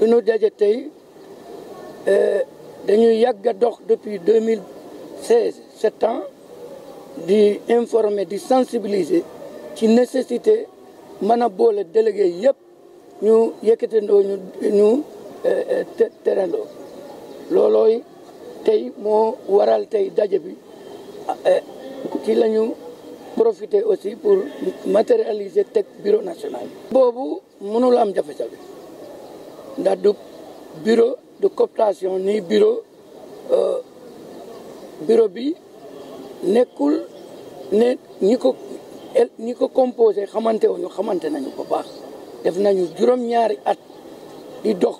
fi nu daje tey euh, dañuy yàgg a dox depuis 2016 sept ans di informer di sensibiliser ci nécessité mën a boole délégué yëpp ñu yëkkatandoo ñu ñu euh, terandoo loolooy tey moo waral tey daje bi euh, ci la ñu profiter aussi pour matérialiser teg bureau national boobu mënul am jafe-jafe ndax du bureau de cooptation ni bureau euh, bureau bi nekkul ne ñi ko ñi ko composé xamante wuñu xamante nañu ko baax def nañu juróom-ñaari at di dox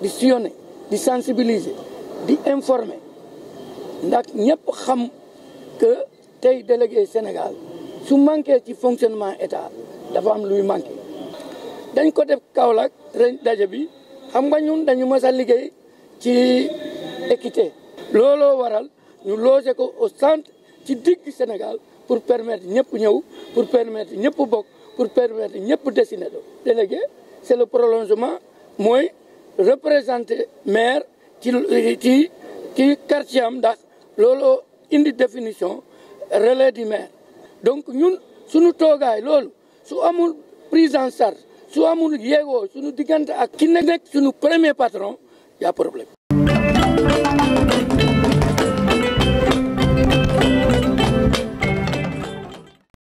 di sillonné di sensibiliser di informer ndax ñëpp xam que tey délégué Sénégal su manqué ci fonctionnement état dafa am luy manqué dañ ko def Kaolack ren daje bi xam nga ñun dañu mas a liggéey ci équité looloo waral ñu loger ko au centre ci digg Sénégal pour permettre ñëpp ñëw pour permettre ñëpp bokk pour permettre ñëpp dessiner do délégué c'est le prolongement mooy représenter maire ci ci ci quartier am ndax looloo indi définition relais du maire donc ñun suñu toogaay loolu su amul prise en charge su amul yéegoo suñu diggante ak ki nekk suñu premier patron y' a problème.